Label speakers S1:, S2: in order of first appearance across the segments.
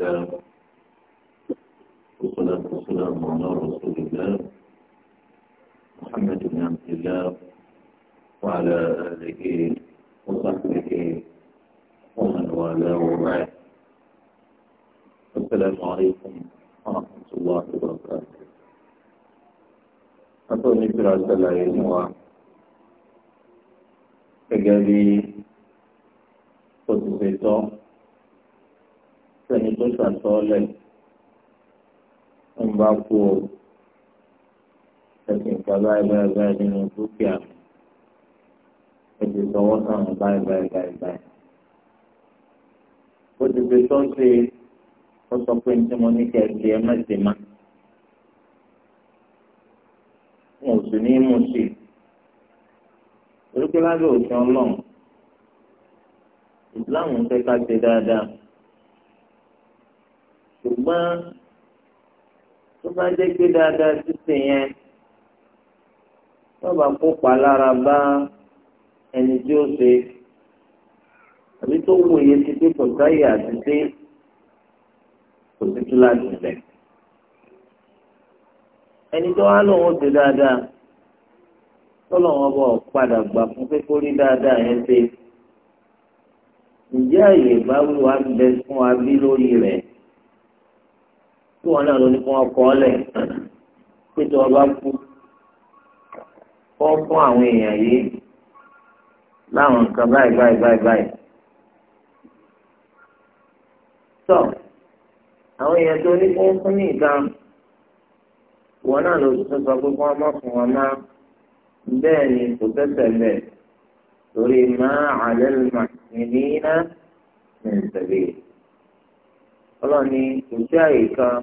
S1: الله والصلاة والسلام على رسول الله محمد بن عبد الله وعلى آله وصحبه ومن والاه وبعد السلام عليكم ورحمة الله وبركاته أتوني في رأس الله gẹ́gẹ́ bí ó ti sẹ́ni tó ṣàtọ́ọ́lẹ̀ ń bá kú o ẹ̀sìn kan báyìí báyìí báyìí nínú dúkìá mi ẹ̀sìn sọwọ́ sàn báyìí báyìí báyìí báyìí. ó ti fi tó ń ṣe ó sọ pé ní tí mo ní kẹ́ ẹ ṣe ẹ má ṣe má. mo sì ní mú sí i. torí pé lábẹ́ òfin ọlọ́run ìsìláàmù ń fẹ́ ká ṣe dáadáa ṣùgbọ́n tó bá jẹ́ pé dáadáa títì yẹn wọ́n bá kópa lára bá ẹni tí ó ṣe àbí tó wù yé ti pé kò sáyè àti pé kò sí kíláàsì rẹ̀. ẹni tó wá lòun ṣe dáadáa tọ́lọ́wọ́n bọ̀ padà gbà fún pé kó rí dáadáa yẹn ṣe. ǹjẹ́ àyè bá wù bẹ fún wa bí lórí rẹ̀? tí wọn náà ló ní kí wọn kọ ọ lẹ pé tí wọn bá kú wọn fún àwọn èèyàn yìí láwọn nǹkan báyìí báyìí báyìí báyìí tọ àwọn èèyàn tó ní kí wọn fún ní nǹkan wọn náà ló tún sọ pé kí wọn má fún wọn má bẹ́ẹ̀ ni kò tẹsẹ bẹ́ẹ̀ torí máa àlẹ màmí ní iná ní ìtẹ̀lé ọlọ́run ní ìṣe àyè kan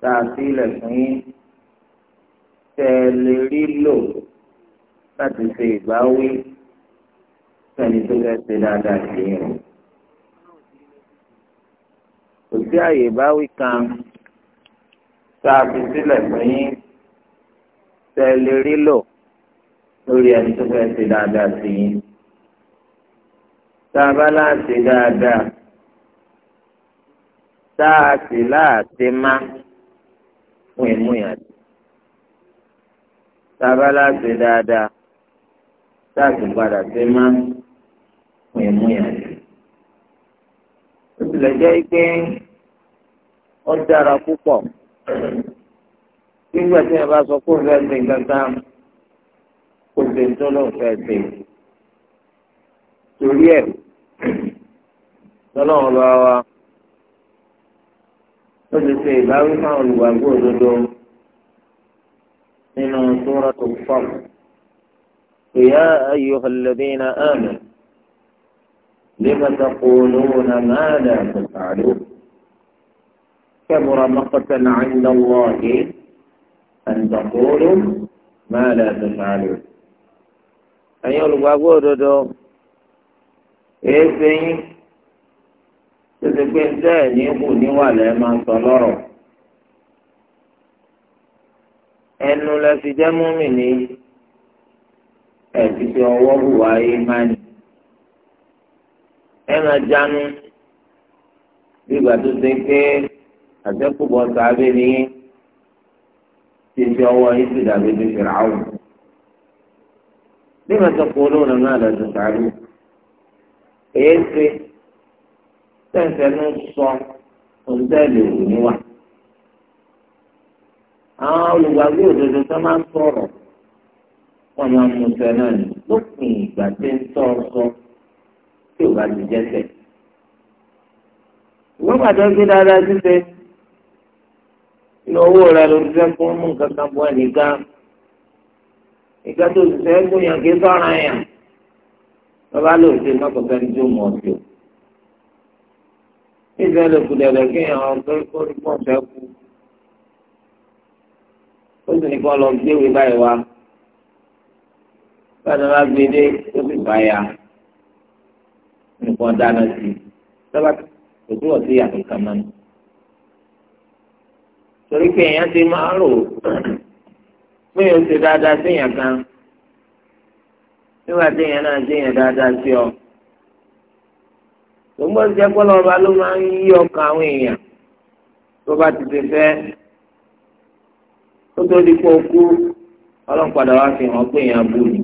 S1: tá a sí ilẹ̀ fún yín tẹ́ ẹ lè rí lò láti ṣe ìbáwí sẹ́ni tó fẹ́ ṣe dáadáa sí i rẹ̀. kò sí àyè ìbáwí kan tá a fi sílẹ̀ fún yín tẹ́ ẹ lè rí lò lórí ẹni tó fẹ́ ṣe dáadáa sí i. tá a bá láti ṣe dáadáa sáàsì láàṣẹ má fún ìmú ìyàtọ̀ sábà láṣẹ dáadáa sáàsì padà ṣe má fún ìmú ìyàtọ̀ ó tilẹ̀ jẹ́ pé ó dára púpọ̀ nígbà tí wọn bá sọ kó fẹ́ ṣe kankan kó ṣe tó ló fẹ́ ṣe torí ẹ̀ tọ́lọ́run bá ó ti ṣe ìbáwí fáwọn olùgbàgbọ́ òdodo nínú sóràtò fọ́m. يا أيها الذين آمنوا لم تقولون ما لا تفعلون كبر مقتا عند الله أن تقولوا ما لا تفعلون أيها الغابور دو إيه tètè pé ntẹ́ ẹ̀yìn kù níwàlẹ̀ máa ń sọ lọ́rọ̀ ẹnu lẹ fi jẹ́ mọ́mì ní ẹ̀sì fi ọwọ́ hùwà ayé máa nì ẹ máa jánu bí ìgbà tó ṣe pé àtẹ́kùbọ̀ sábẹ́ ní ti fi ọwọ́ yìí sì dàbí ju fìràwọ̀ bí màtọ́kùn olóòrùn náà lọ sí sàárù èyí ṣe tẹ̀sẹ̀ ń sọ òǹtẹ̀lẹ̀ òní àwọn olùgbàgbé òdodo tó máa ń sọ̀rọ̀ wọ́n máa ń musẹ̀ náà ní lópin ìgbà tí ń tọ́ sọ tí ò bá ti jẹ́sẹ̀. ìwé pàtó ń gbé dáadáa ṣíṣe inú owó rẹ ló fẹ́ fún mú nǹkan kan bọ́ ẹnìkan nǹkan tó ṣiṣẹ́ fún yàn kí sọ́ra yàn bàbá lòdì mọ́kànlá ní tó mọ̀ ọ́ sí o nígbà tó kù dẹ̀dẹ̀ kí àwọn ọ̀gbẹ́ kó ní pọ̀ fẹ́ kú ó sì ní kó lọ gbéwé báyìí wá báyìí wọn gbé dé ó sì bá ya nǹkan dáná sí i lọ́ba kò tó wọ̀ sí yàtọ̀ kan náà torí pé èèyàn ti máa rò pé o ṣe dáadáa sí èèyàn kan nígbà tí èèyàn náà ṣe èèyàn dáadáa sí ọ gbogbo ń jẹ́ pọ́lọ́ ọba ló máa ń yí ọkàn àwọn èèyàn tó bá ti ti fẹ́ tó tó di pé o kú ọlọ́pàá wa fi hàn pé èèyàn bù ní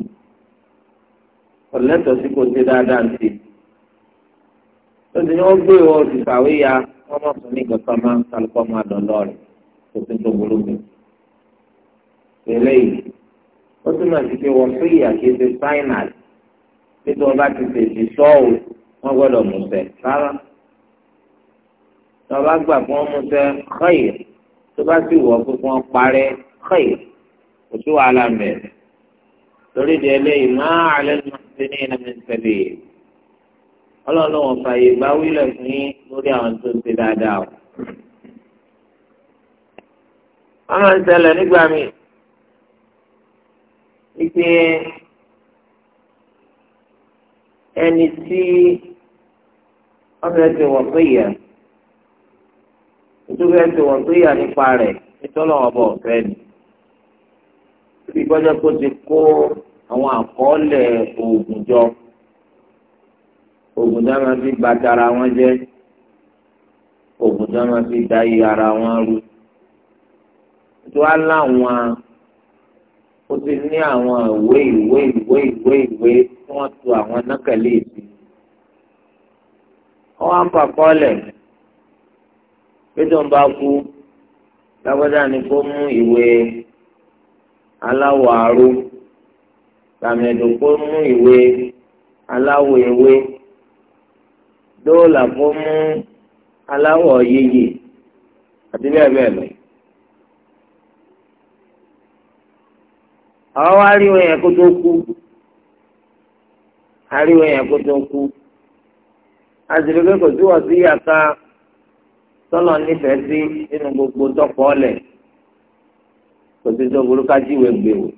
S1: ọ̀lẹ́tọ̀ sí kò ṣe dáadáa ń ṣe tó ti ní wọ́n gbé ìwọ oṣù kàwé ya wọ́n mọ̀ fún mi kankan máa ń kálukọ́ máa dán lọ́ọ̀rẹ́ tó ti tó burú mi. eléyìí ó túmọ̀ sí pé wọ́n fún ìyà kí ṣe fáínàlì nítorí wọ́n bá ti tètè sọ́ọ̀ wọ́n gbọ́dọ̀ mùsẹ̀ rárá tó bá gbà kí wọ́n mùsẹ̀ xeyìr tó bá sì wọ̀ pé kí wọ́n parẹ́ xeyìr kò sí wàhálà mẹ́rin torí di eléyìí máa alẹ́ ló ń ṣe ní ẹnìmí sẹ́bi ọlọ́run wọn fààyè bá wílẹ̀ fún yín lórí àwọn tó ń ṣe dáadáa o. wọ́n máa ń ṣẹlẹ̀ nígbà míì wípé ẹni tí ọbẹ̀ ti wọ̀ pé yẹ nítorí ẹ ti wọ̀ pé yà nípa rẹ̀ nítorí ọ̀bọ̀ ọ̀fẹ́ ni bí gbọ́dọ̀ kó ti kó àwọn àkọọ́lẹ̀ oògùn jọ oògùn tí wọ́n máa fi ba tara wọn jẹ́ oògùn tí wọ́n máa fi da iye ara wọn rú tó wá láwọn ó ti ní àwọn ìwé ìwé ìwé ìwé ìwé tí wọ́n tu àwọn nákàlẹ́ ìsìn wọ́n wá ń pa kọ́ọ̀lẹ̀ pété ń bá kú lágbádá ni kó mú ìwé aláwọ̀ aró tàmẹ̀dò kó mú ìwé aláwọ̀ ewé dóòlà kó mú aláwọ̀ yeye àti bẹ́ẹ̀ bẹ́ẹ̀ lọ. àwọn wá rí wọn yẹn kó tó kú a rí wọn yẹn kó tó kú azìrìgbé kò sí wọ́sí yàtá tọ́lọ̀ nífẹ̀ẹ́ sí nínú gbogbo tọ́pọ̀ ọ̀lẹ̀ kò sí tó burú kájíwèé gbé wò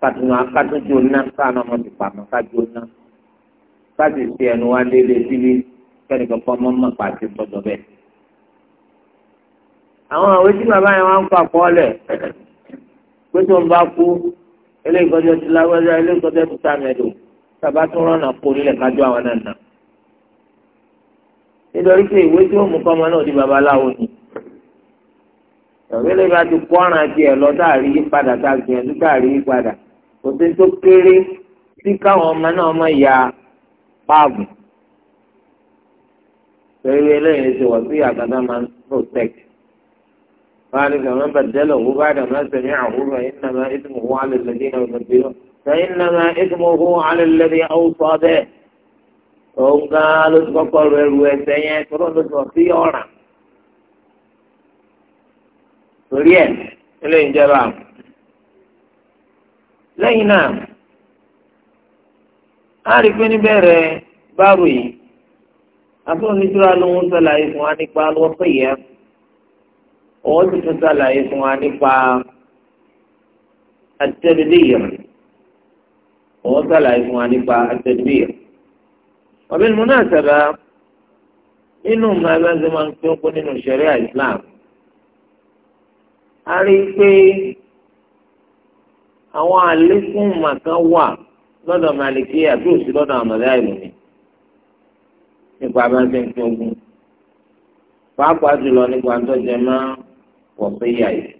S1: kàtúnú akátúntì oná káànà ọmọ ti pàmò kájú oná káàtì sí ẹnu wá délé sílé kẹ́ni kankan mọ́ mọ́ pàṣẹ gbọ́dọ̀ bẹ́ẹ̀. àwọn àwọn etí bàbá yẹn wá ń kọ àkọọ́lẹ̀ pé tó ń bá kú eléyìí kọjá ti lágbájá eléyìí kọjá ti sàmẹ́dọ̀ tàbá tún rán náà kó nílẹ̀ kájọ àwọn náà nà. nítorí pé ìwé tí ó mú kọ́mọ náà di babaláwo ni ìwé lẹ́yìn bá ti kọ́ ọ̀ràn àti ẹ̀ lọ táàrí yípadà tá a gbìyànjú táàrí yípadà kò sí tó kéré sí káwọn ọmọ náà mọ̀ ya páàbù. pẹ̀lú eléyìí ṣe wọ́n sí àgàdá máa ń protect. ذلك من بدله بعد ما سمعه فإنما إثمه على الذين يبدلون فإنما إثمه على الذي أوصى به òun gan ló ti kọ́kọ́ rẹ̀ ru ẹsẹ̀ yẹn tó ló sọ sí ọ̀ràn torí ẹ̀ nílé ìjọba lẹ́yìn náà a rí pé níbẹ̀rẹ̀ báàrù yìí àbúrò nítorí lóhun ṣàlàyé fún wa nípa lọ́pọ̀ yẹn òun sì tún ṣàlàyé fún wa nípa àtẹ̀lẹ́dẹ́yẹ̀rẹ̀ òun sàlàyé fún wa nípa àtẹ̀bíyà ọ̀bẹ́ni mo náà sábà nínú màbáńsẹ máa ń pín kó nínú ṣẹ̀ríà Islam a rí i pé àwọn àlékún màkàn wà lọ́dọ̀ màlìkí àti òsì lọ́dọ̀ àmọ̀dá ìlú nípa abáńsẹ ń pín ogún pàápàá jùlọ nípa àtọ́jẹ máa wọ̀ sí ìyá yìí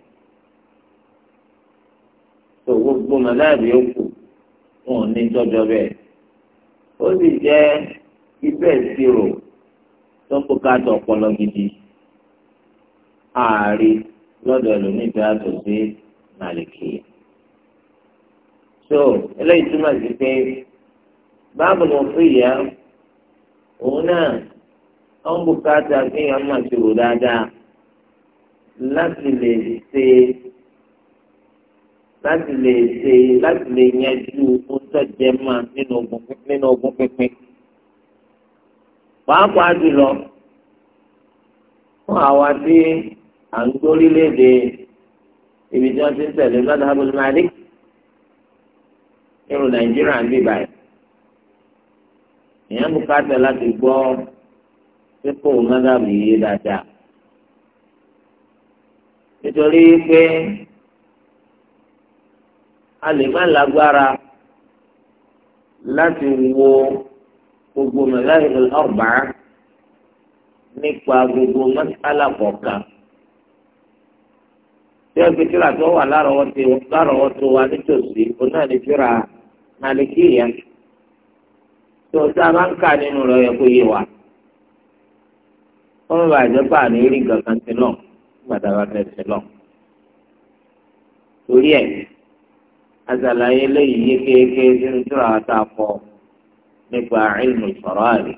S1: tó gbogbo màdáàbí ó kù wọn ò ní jọjọ bẹ́ẹ̀ ó sì jẹ́ ibẹ̀ ìṣirò tó kó káàtó ọpọlọ gidi ààrí lọ́dọ̀ ẹlòmíì tó yàtọ̀ sí màlìkì. so eléyìí túmọ̀ sí pé báàbù ló fún ìyá òun náà ó ń bùkátà kéèyàn máa ṣòro dáadáa láti lè ṣe láti lè ṣe láti lè yanjú oúnjẹ máa nínú ogun nínú ogun pínpín. pàápàá jùlọ fún àwa tí à ń gbórílẹ̀-èdè ibi tí wọ́n ti ń tẹ̀lé lọ́dọ̀ abúlé malik nínú nàìjíríà ń bíbá ẹ̀. èèyàn bùkátà láti gbọ́ pípò mọ́gàbí yé dáadáa. nítorí pé a lè má lágbára láti wo gbogbo mẹlẹ́rìn ọ̀bà nípa gbogbo mọ́sálà kọ̀ọ̀kan tí wọ́n fi tíra tó wà lárọ̀ọ́tò wa nítòsí òun náà ní tíra nàlìkìyà tó tá a bá ń kà nínú rẹ̀ yẹ kó yé wa wọ́n bá jẹ́ pé àní rí gangan sí lọ nígbà tá a bá fẹ́ torí ẹ̀ azàlàyé lẹ́yìn yékéyéké sínú tíra àtàkọ nípa ilmu ìfọ̀rọ̀àlì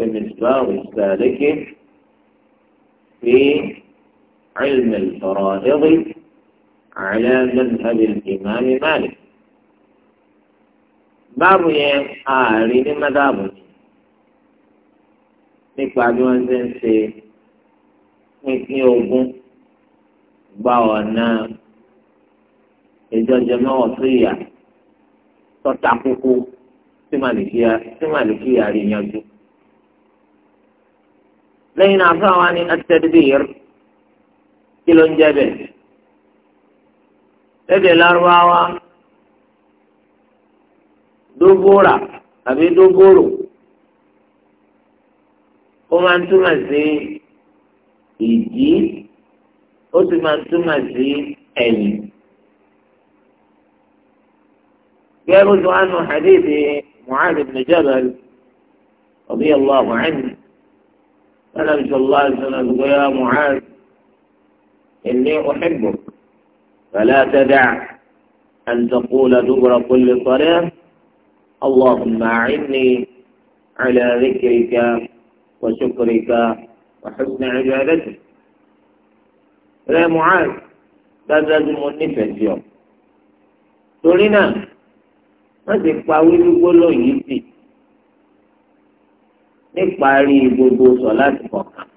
S1: ومصباح السالك في علم الفرائض على مذهب الإمام مالك báàbù yẹn ààrin ní mádàbù nípa bí wọ́n ṣe ń ṣe pínpín ogún gba ọ̀nà ìjọjọ náà tó ìyà tọ́ta kókó tí màlìkíyà rí yanjú. lẹ́yìn náà fún àwọn ni atẹ́dẹ́dẹ́yẹr kí ló ń jẹ́ bẹ́ẹ̀. lédè lárúbáwá dógóra àbí dógóró ó máa ń túmọ̀ sí ìdí ó sì máa ń túmọ̀ sí ẹ̀yìn. يرد عنه حديث معاذ بن جبل رضي الله عنه فلم صلى الله عليه وسلم يا معاذ إني أحبك فلا تدع أن تقول دبر كل صلاة اللهم أعني على ذكرك وشكرك وحسن عبادتك يا معاذ هذا المؤنفة اليوم تقول wọ́n ti pa wíwíwó lóyún sí níparí gbogbo sọ láti kọ̀ọ̀kan.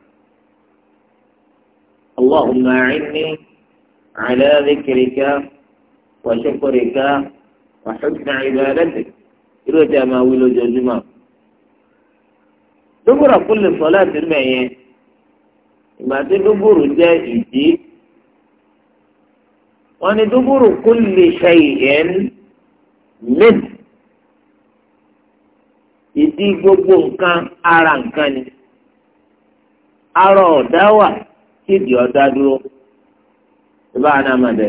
S1: اللهم أعني على ذكرك وشكرك وحسن عبادتك irú ẹjẹ máa wí lójoojúmọ́ dúbúrà kó lè sọ láti mẹyẹ ìgbà tí dúbúrù jẹ ìdí wọn ni dúbúrù kó lè ṣe ìyẹn min ìdí gbogbo nǹkan ara nǹkan ni ara ọ̀dá wà kéde ọ̀dá dúró ìbá àná màdẹ.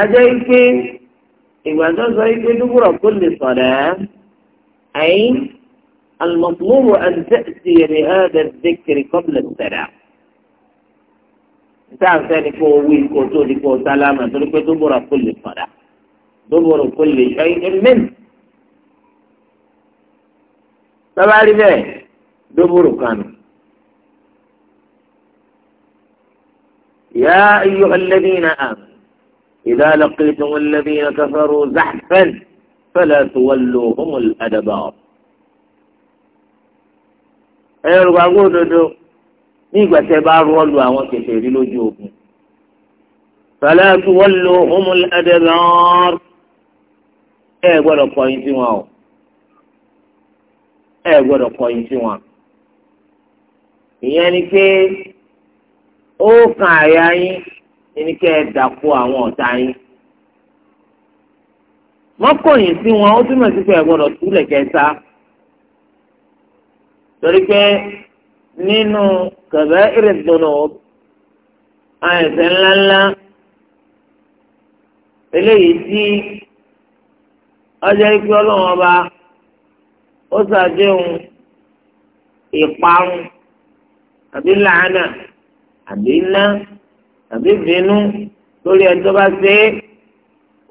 S1: ajẹ́ ike ìgbà ike dúkúrọ̀ kó lè sọ̀rọ̀ ẹ́ ẹ̀yìn المطلوب أن تأتي بهذا الذكر قبل السلام tá a fẹ́ ni kó o wí kó o tó di kó sálámà torí pé tó kó lè padà. دبر كل شيء منه طبعا لذلك دبر كانوا يا أيها الذين آمنوا إذا لقيتم الذين كفروا زحفا فلا تولوهم الأدبار أي الغابون دو نيكو سيبار والو أهوان كتير لجوكم فلا تولوهم الأدبار ẹ gbọ́dọ̀ kọ̀yìn sí wọn o ẹ gbọ́dọ̀ kọ̀yìn sí wọn. ìyẹn ni pé ó kan àyà yín ẹni kẹ́ ẹ dàpọ̀ àwọn ọ̀tá yín. mọ́kànyìn sí wọn ó túmọ̀ sí pé ẹ gbọ́dọ̀ túlẹ̀ kẹta torí pé nínú kẹ̀bẹ́ ìrìndòdò àìsàn ńláńlá eléyìí tí ọjọ́ ikú ọlọ́run ọba ó ṣàdéhùn ìparun àbí làánà àbí iná àbí bínú lórí ẹjọ́ bá ṣe é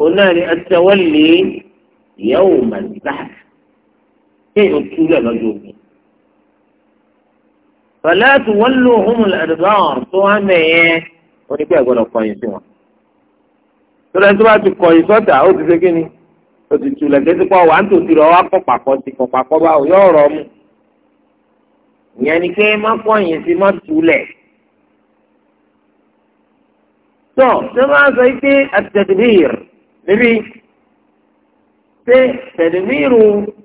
S1: òun náà ni ẹtẹwọ́lì ìyàwó màlúkà kéèyàn túlẹ̀ lọ́jọ́ ogun. Fàlẹ́tù wọ́n lò hùmùlà àdùbọ̀n tó wá mẹ́yẹn wọ́n ní pé ẹ̀gbọ́n lọ sí wọn. Tọ́lá tó bá ti kọ̀yìn sọ́tà ó ti ṣe kí ni? òtútù lẹ́gbẹ́sí pọ̀ wà ń tòsí rẹ̀ wá kọ́ pàkọ́ sí kọ́ pàkọ́ bá yọ ọ̀rọ̀ mu ìyẹn ni pé má kọ̀yìn sí má túlẹ̀. tó ṣé máa sọ pé àtẹ̀dìmíìr níbi ṣé tẹ̀dìmíìrù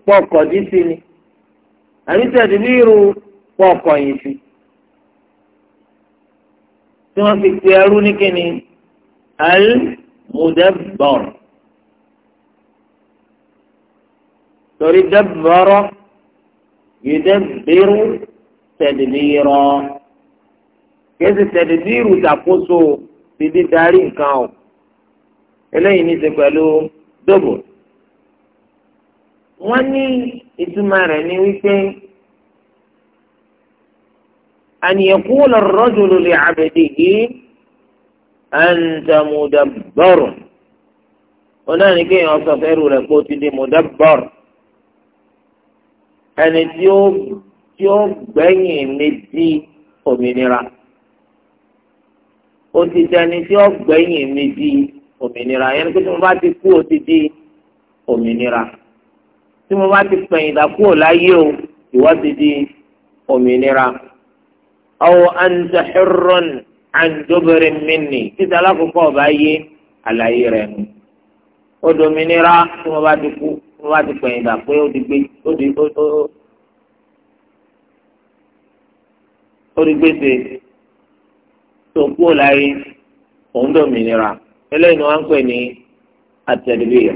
S1: pọ̀ kọ̀dí sí ni àbí tẹ̀dìmíìrù pọ̀ kọ̀yìn sí. tí wọ́n fi pe ẹrú ní kíni al-mudabbor. torí dẹ́bọ̀rọ̀ yìí dẹ́bẹ̀rù tẹ̀dìbìrọ̀ kìí ṣe tẹ̀dìbìrù ṣàkóso ti dídarí nǹkan o eléyìí ní í ṣe pẹ̀lú dòbò. wọ́n ní ìtumọ̀ rẹ̀ ní wípé an yaqula ar-rajulu li 'abdihi anta náà ní kéèyàn sọ fẹ́rù rẹ̀ pé ti di mudabbar ẹni tí ó tí ó gbẹ̀yìn mi di òmìnira ó ti dẹni tí ó gbẹ̀yìn mi di òmìnira yẹn pé tí mo bá ti kú ó ti di òmìnira tí mo bá ti pẹ̀yìndà kúrò láyé o ìwọ ti di òmìnira aw anta hirrun an jubrin alákòókò ọba yé àlàyé rẹ̀ ó dòmìnira tí mo bá ti kú wọ́n bá ti pẹ̀yìn dà pé ó di gbé ó di ó ó ó di gbèsè tó kú láyé òun dòmìnira eléyìí ni wọ́n ń pè ní àtẹ̀lébíyà.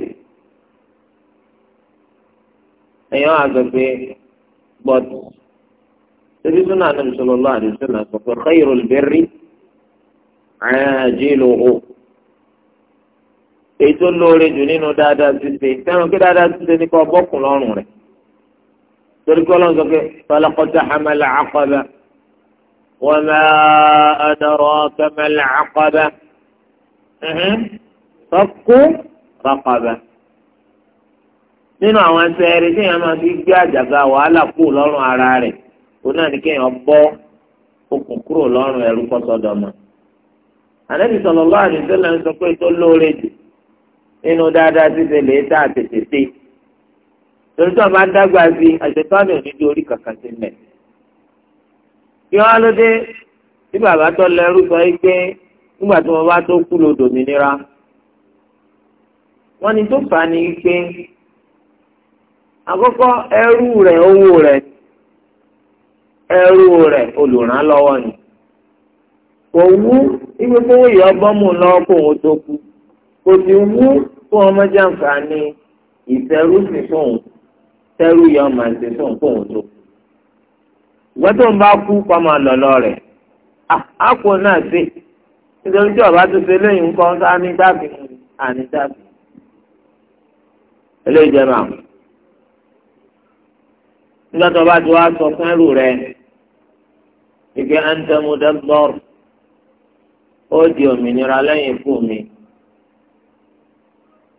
S1: ẹ̀yàn àgbẹ̀ pé but ṣébí súnà Ànábì sallallahu alaihi wasallam sọ pé khayrul birri ajiluhu. èyí tó lóore jù nínú dáadáa dị sẹ́wọ̀n kí dáadáa ṣíṣe ní kọ́ bọ́kùn lọ́rùn rẹ̀ torí kí ọlọ́run sọ pé falakọ́tà hamala àkọ́bá wọ́n máa adarọ́ kẹmẹ́lẹ̀ àkọ́bá sọ́kú nínú àwọn sẹ́ẹ̀rì tí máa fi gbé àjàgà wàhálà kú lọ́rùn ara rẹ̀ náà ní kéèyàn bọ́ okùn kúrò lọ́rùn sọ pé tó lóore jù nínú dáadáa ṣíṣe lè tá àtètè sí torí tó máa ń dágbà sí àṣetọ́nù onídìí orí kankan sí mẹ́. kí wọ́n ló dé tí bàbá tó lẹ́rú sọ yìí pé nígbà tí wọ́n bá tó kú lọ dòmìnira wọ́n ní tó fà á ní pé àkọ́kọ́ ẹrú rẹ̀ owó rẹ̀ ẹrú ni kò wú ibi bọ́mù lọ́wọ́ kó kò sì wú fún ọmọ jàǹfààní ìfẹ́rùsìn fóun tẹ́rù yọ ọmọ àti fóun fóun tó. ìwọ́n tó ń bá kú pamọ́ lọ́lọ́ rẹ̀ á kó náà sí nítorí tí ọba tó ṣe lẹ́yìn nǹkan ká ní dábìí àní dábìí. eléyìí jẹ́ màá nígbà tó bá ti wá sọ fún ẹrù rẹ̀ ìgbẹ́ àǹtẹ̀mú dẹ́gbọ́rù ó di òmìnira lẹ́yìn fún mi.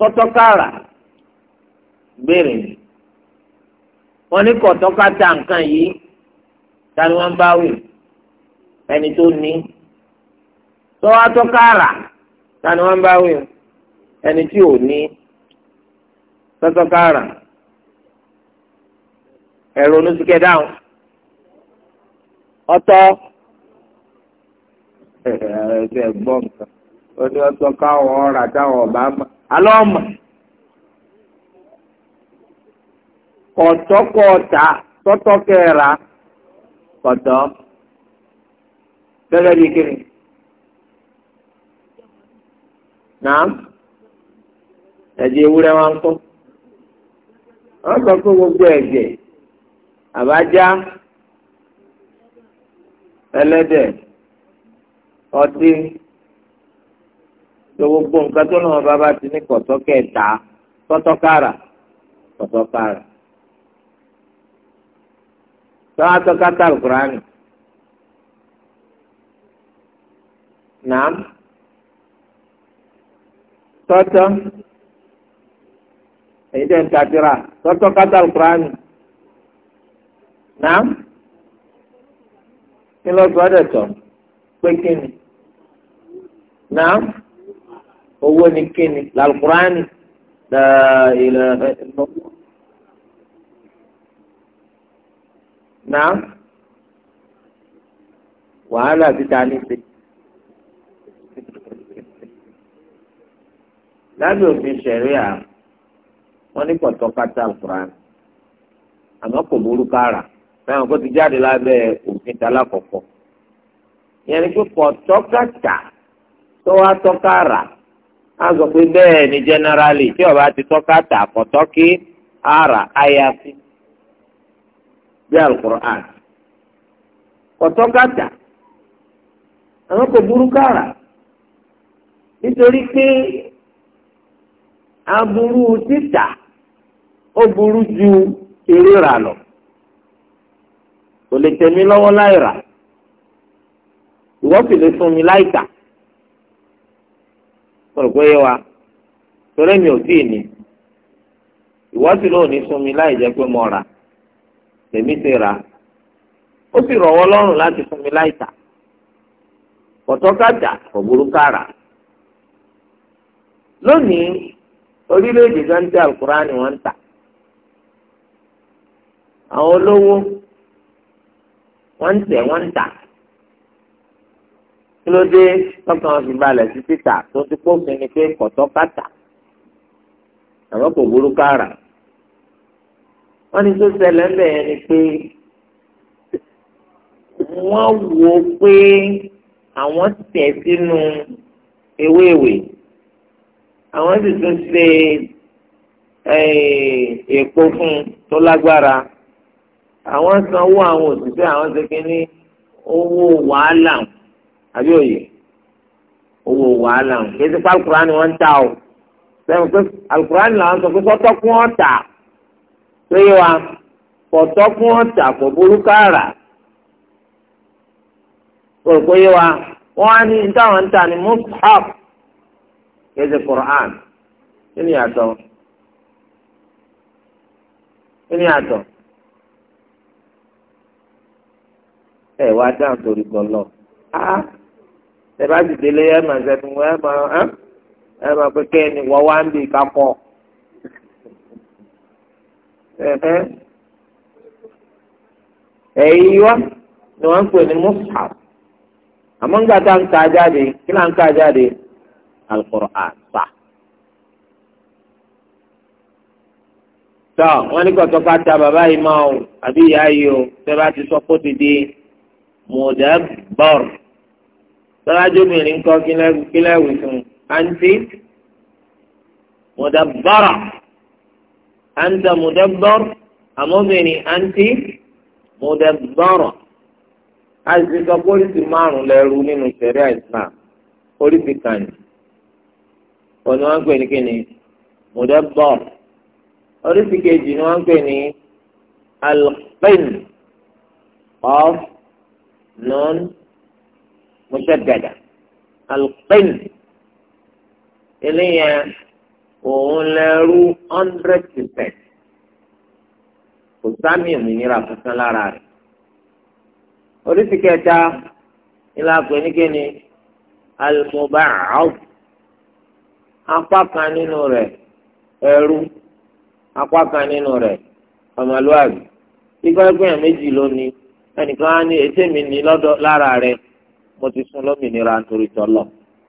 S1: kọ́tọ́kárà béèrè ni wọ́n ní kọ́tọ́ká nǹkan yìí ta ni bá ẹni tó ní tọ́wá tọ́kárà ta bá ẹni tí ò ní tọ́tọ́kárà ẹ̀rọ oníṣìkẹ́ dáhùn ọtọ́ ẹ̀ alọ́ọ̀mà kọ̀tọ́kọ̀ ọ̀tà tọ́tọ́kẹ́ ra kọ̀tọ́ gẹ́gẹ́ bí kiri náà ẹ̀jẹ̀ ewúrẹ́ wọn kọ́ wọ́n sọ pé gbogbo ẹ̀jẹ̀ àbájá ẹlẹ́dẹ̀ ọtí tó gbogbo nǹkan tó lọ́wọ́ bá bá ti ní kọ̀tọ́ kẹta kọ́tọ́kárà kọ́tọ́kárà tọ́wọ́ atọ́kátà alukurani nàám tọ́tọ́ èyí tẹ̀ ń tàdíra tọ́tọ́ kátà alukurani nàám kí ló sọ ọ́ dẹ̀ pé kí ni nàám owó ni kíni làlùkùránì ilẹ̀ náà wàhálà títa ní ṣe. lábẹ́ òfin ṣẹ̀ríà wọ́n ní pọ̀tọ́ kátà lùkùránì àmọ́ kò burú kára fẹ́ràn kó ti jáde lábẹ́ òfin tala kọ̀kọ́. ìyẹn ni pé pọ̀tọ́ kàtà tó tọ́ kára á sọ pé bẹ́ẹ̀ ni generally tí ọba ti tọ́ka tà àkọ́tọ́kí ara àyàfi bí alukur'an kọ́tọ́ka tà àwọn kò burú kára nítorí pé aburú títà ó burú ju ìríra lọ kò lè tẹ̀mí lọ́wọ́ láì rà fún mi láì mo rò wa torí mi ò tí ì ní ìwọ sì lóò ní sún mi láì jẹ́ pé mo rà lèmi ti rà ó sì rọ̀wọ́ lọ́rùn láti fún láì tà pọ̀tọ́kàjà kò burú kára lónìí orílẹ̀-èdè gandhi alukurani wọ́n ń tà àwọn olówó wọ́n ń tẹ̀ wọ́n ń tà kí ló dé tọkàn fi balẹ̀ sí títà tó ti pófin ni pé kọ̀tọ́ kàtà àmọ́ kò burú kára wọ́n ní tó ṣẹlẹ̀ ń bẹ̀yẹn ni pé wọ́n wò ó pé àwọn tẹ̀ sínú ewéèwé àwọn sì tún ṣe èèpo fún un tó lágbára àwọn sanwó àwọn òṣìṣẹ́ àwọn ṣe kínní owó wàhálà wọn àbí òye owó wàhálà ń kí ẹ ti pa alukura ni wọ́n ń ta o sẹ́wọ̀n pé alukura ni làwọn sọ pé kọ́tọ́ kún ọ́ tà péye wa kọ́tọ́ kún ọ́ kò burú káàrà kò péye wa wọ́n á ní táwọn ń tà ní mushaf kí ẹ ti Qur'an kí ni yàtọ̀ kí ni yàtọ̀ ẹ wá dáhùn torí gbọ́ lọ́wọ́. á tẹ̀bá dìdélé mazị mà zẹ́nu ẹ̀ mà ẹ̀ mà pé wa ni wọ́n pè ní mushaf àmọ́ ń gbà ń ka jáde kí là ń ka jáde al ní yìí o àbí ìyá yìí o bá ti sọ ti di. mudabbar tọ́lájú mìíràn kọ́ kílẹ̀ wí fún àǹtí mudabbara àǹtà mudabbar àmọ́bìnrin àǹtí mudabbara àti sọ pólísì márùn lẹ́rú nínú sẹ̀ríà Islam pólísì kan ọ̀nà wọn pè ní kíni mudabbar oríṣi kejì ni wọn pè ní alqin of. نون مشددة القن إليها òun lẹ́rú hundred percent kò sámi òmìnira kankan lára rẹ̀. oríṣi kẹta nílá pé níkẹ́ni al-muba'ath apá kan nínú rẹ̀ ẹrú apá kan nínú rẹ̀ ọmọlúwàbí ikọ́ ẹgbẹ́ yẹn méjì lónìí ẹnìkan á ní ètè mi ní lọ́dọ̀ lára rẹ mo ti fún lómìnira nítorí tọ́lọ̀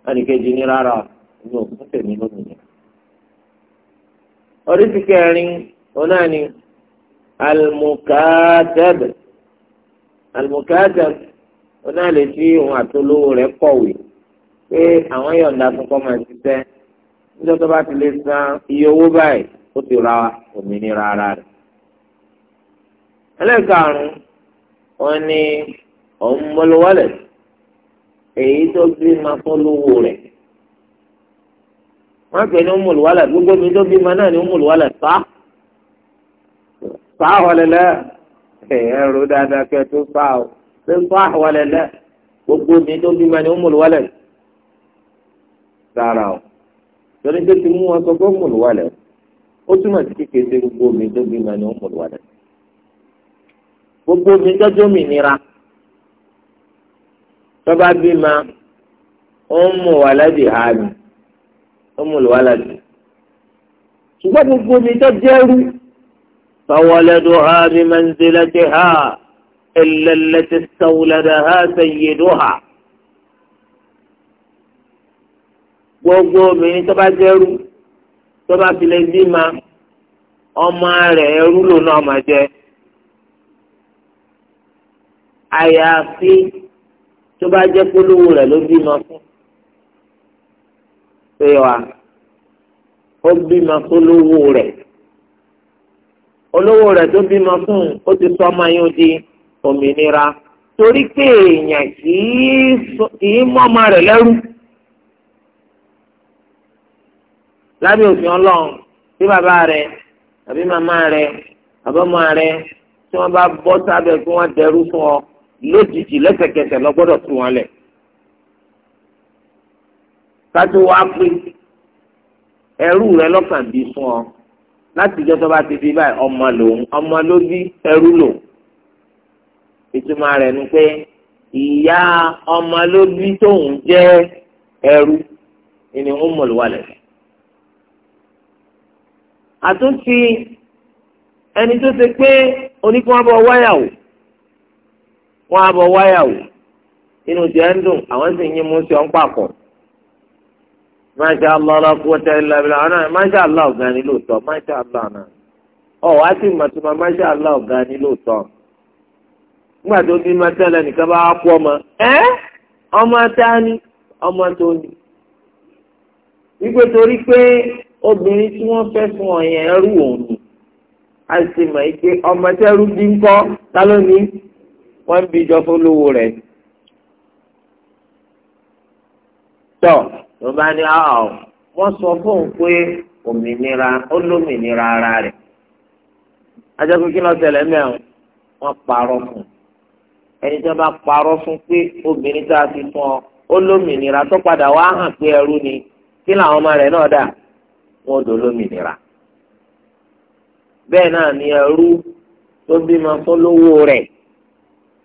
S1: ẹnìkejì ní rárá mi ò fún tèmi lómìnira. oríṣi kẹrin òun náà ni almukadab almukadab òun náà lè fi òun àtolówó rẹ kọ̀wé pé àwọn yọ̀ǹda fún kọ́ máa ṣiṣẹ́ níjọ́ tó bá ti lè san iye owó báyìí ó ti ra òmìnira ara rẹ̀. ẹlẹ́karùn-ún wọ́n ní ọ̀nbọ̀lọ́wọ́lẹ̀ èyí tó bí ma fún lówó rẹ̀ wọ́n pè ní ọmọlúwalẹ̀ gbogbo mi tó bí ma náà ní ọmọlúwalẹ̀ sá sá wọlẹ̀lẹ̀ ẹ̀rọ dáadáa kẹ́ tó sá o tó sá wọlẹ̀lẹ̀ gbogbo mi tó bí ma ní ọmọlúwalẹ̀ sára o torí tó ti mú wọn sọ pé ọmọlúwalẹ̀ ó túmọ̀ sí kékeré gbogbo mi tó bí ma ní ọmọlúwalẹ̀ gbogbo omi tọ́jú òmìnira tọ́ba bímọ ó ń mú wàládì hàmì ó mú wàládì ṣùgbọ́n gbogbo omi tọ́jú ẹrú fawaladu hàmì manzilati ha ilẹ̀lẹ́tì sawulada ha sẹ̀yẹ̀dù ha gbogbo obìnrin tọ́ba jẹ́rú tọ́ba filẹ̀ bímọ ọmọ rẹ̀ ẹrú náà máa jẹ́ àyàfi tó bá jẹ́ polówó rẹ̀ ló bímọ fún pé wa ó bímọ polówó rẹ̀ olówó rẹ̀ tó bímọ fún ó ti sọ ọmọ yín di òmìnira torí pé èèyàn kì í mọ ọmọ rẹ̀ lẹ́rú lábẹ́ òfin ọlọ́run bí bàbá rẹ̀ àbí màmá rẹ̀ àbọ̀mọ rẹ̀ tí wọ́n bá bọ́ sábẹ́ kí wọ́n dẹrú fún ọ lójijì lẹ́sẹ̀kẹsẹ̀ lọ gbọ́dọ̀ tú wọn lẹ̀ kájú wá pé ẹrú rẹ lọ́kàn bí fún ọ láti jọ́ tó bá ti di báyìí ọmọ lòun ọmọ ló bí ẹrú lòun ìtumọ̀ rẹ̀ ni pé ìyá ọmọ ló bí tóun jẹ́ ẹrú ìní ó mọ̀ lówà lẹ̀. àtúntì ẹni tó ṣe pé oníkùn abọ́ wáyà wò wọ́n á bọ wáyà wò inú tiẹ̀ ń dùn àwọn sì ń yín mú sí ọ́n pàpọ̀ masha allah la quwwata illa billah ana masha allah ọ̀gá ni lóòótọ́ masha allah náà ọ̀ wá sí màtúmọ̀ masha allah ọ̀gá ni lóòótọ́ nígbà tó bí mọ́tẹ́lẹ̀ nìkan bá kú ọmọ ẹ́ ọmọ tá a ní ọmọ tó ní. wípé torí pé obìnrin tí wọ́n fẹ́ fún ọ̀yàn ẹrú òun ni a sì mọ̀ pé ọmọ tẹ́rú wọ́n bí bíjọ fún lówó rẹ̀ tọ́ ló bá wọ́n sọ fóun pé òmìnira ara rẹ̀ ajẹ́kù kí lọ tẹ̀lé mẹ́rin wọ́n parọ́ fún ẹni fún pé obìnrin tá a fún ọ tó padà wá ni kí làwọn ọmọ rẹ̀ náà dà wọ́n dò bẹ́ẹ̀ náà ni ẹrú tó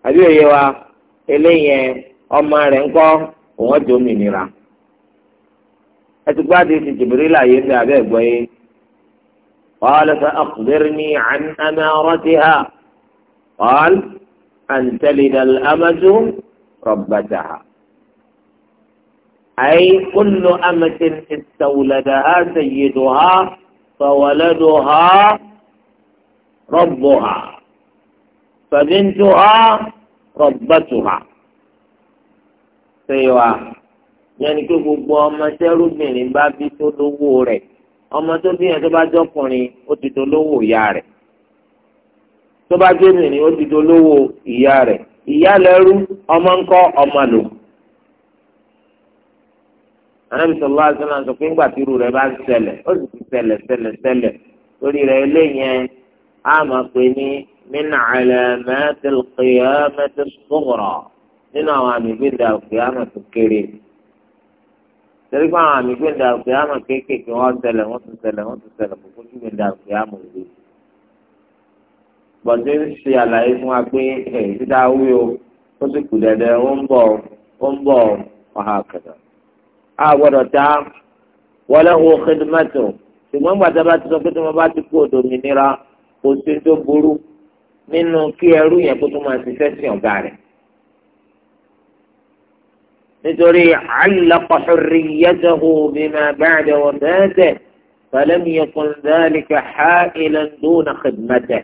S1: àbí òye wa eléyẹn ọmọ rẹ̀ ńkọ́ òun jò mìnira ẹtùgbà tí ti jìbìrì láàyè ní abẹ́ ẹ̀gbọ́n yìí قال فأخبرني عن أمارتها قال أن تلد الأمة ربتها أي كل أمة استولدها سيدها فولدها ربها فبنتها rọgbàtùmá ṣèwà yẹn pé gbogbo ọmọ tẹrúbìnrin bá bí tó lówó rẹ̀ ọmọ tó bí yẹn tó bá jọkùnrin ó ti tó lówó ìyá rẹ̀ tó bá jọbìnrin ó ti tó lówó ìyá rẹ̀ ìyá lẹ́rú ọmọ ńkọ́ ọmọ lò anamisọlá sọlá sọ pé ńgbà tí irú rẹ̀ bá ń ṣẹlẹ̀ ó sì ti ṣẹlẹ̀ ṣẹlẹ̀ ṣẹlẹ̀ lórí rẹ̀ eléyẹn á máa pè ní. من علامات القيامة الصغرى nínú àwọn àmì gbẹ̀dà òkèámà tó kéré torí pé àwọn àmì gbẹ̀dà òkèámà kéékèèké wọ́n ṣẹlẹ̀ wọ́n tún ṣẹlẹ̀ wọ́n tún ṣẹlẹ̀ kò fojú gbẹ̀dà òkèámà òde. bọ̀dé ń ṣe àlàyé fún wa pé ẹ̀ dídá wí o ó sì kù dẹ̀dẹ̀ ó ń bọ̀ ó ń bọ̀ ọ̀hà kẹ̀dọ̀. a gbọ́dọ̀ ta wọlé wo xidimẹ́tò ṣùgbọ́n gbàtà bá ti sọ pé tí wọ́n bá ti kú òdòmìnira kò sí tó burú nínú kí ẹrú yẹn kó tó máa fẹ́ sí ọ̀gá rẹ̀ nítorí alákọ̀ọ́rì yẹ́tẹ̀hó bí máa bá a dẹ̀wọ̀ àdẹ̀ wọ̀ tẹ́tẹ̀ fàlẹ́mìyẹ kún dáríkà ha ilẹ̀ ń dún ìlàndóná mẹ́tẹ̀.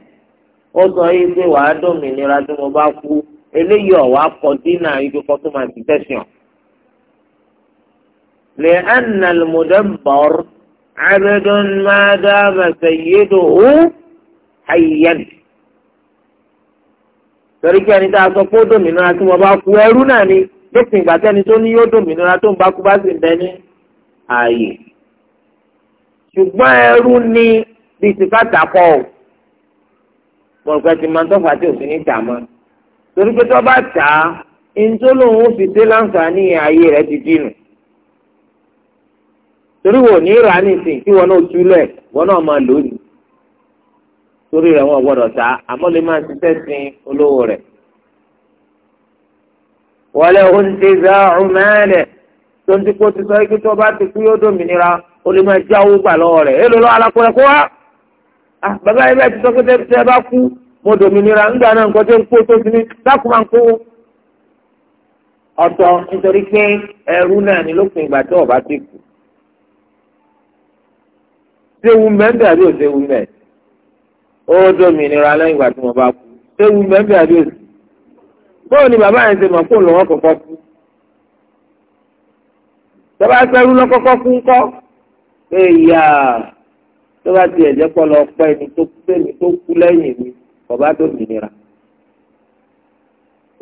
S1: ó sọ yìí pé wàá dùn mí nira tí mo bá kú eléyìí ọ̀ wàá kọ́ dínà ibi kó tó máa fẹ́ sí ọ̀. lè لأن المدبر عبد ما دام سيده حيا torí kí ẹni tá a sọ pé ó dòmìnira tí wọ́n bá kú ẹrú náà ni lópin ìgbà tẹ́ni tó ní yóò dòmìnira tó ń bá kú bá sì ń bẹ ní ààyè ṣùgbọ́n ẹrú ni bíi ti ká dàpọ̀ o mo rò pé ti máa ń tọ́fà tí òfin ní tà mọ́ torí pé tó bá tà á ìǹtólóhùn fi dé láǹfààní ààyè rẹ̀ ti dínú torí wò ní ìrà nísìnyí tí wọn náà túlẹ̀ wọn náà máa lò ní torí rẹ̀ wọ́n gbọ́dọ̀ ta àmọ́ lè máa ṣiṣẹ́ sin olówó rẹ̀. wọlé ohun ti zá ọmọlẹ̀ tó ń ti kó ti sọ ike tó bá ti kú yóò dòmìnira ó lè máa já owó gbà lọ́wọ́ rẹ̀ èlò lọ́wọ́ alákùnrin kó wá. Ah, bàbá yìí bá ti sọ pé tẹ́ ẹ bá kú mo dòmìnira ńgbà náà nǹkan tó ń kó tó ti ní dákú máa ń kó ọ̀tọ̀ nítorí pé ẹrú náà ní lópin ìgbà tó ọba ti kú. ṣé wù mẹ́ńdà àbí ò ṣe wù mẹ́ńdà? ó dòmìnira lẹ́yìn ìgbà tí wọ́n bá kú séwu mẹ́fẹ́ àdéhùn bóun ni bàbá yẹn ṣe mọ̀ fóun lọ́wọ́ kọ̀ọ̀kan kú tọ́ba ẹgbẹ́rún lọ́kọ́kọ́ kú ńkọ́ ẹ̀yà tọ́ba ti ẹ̀jẹ̀ pọ̀ lọ pẹ́ ẹni tó kú ẹni tó kú lẹ́yìn mi bàbá tó mìnira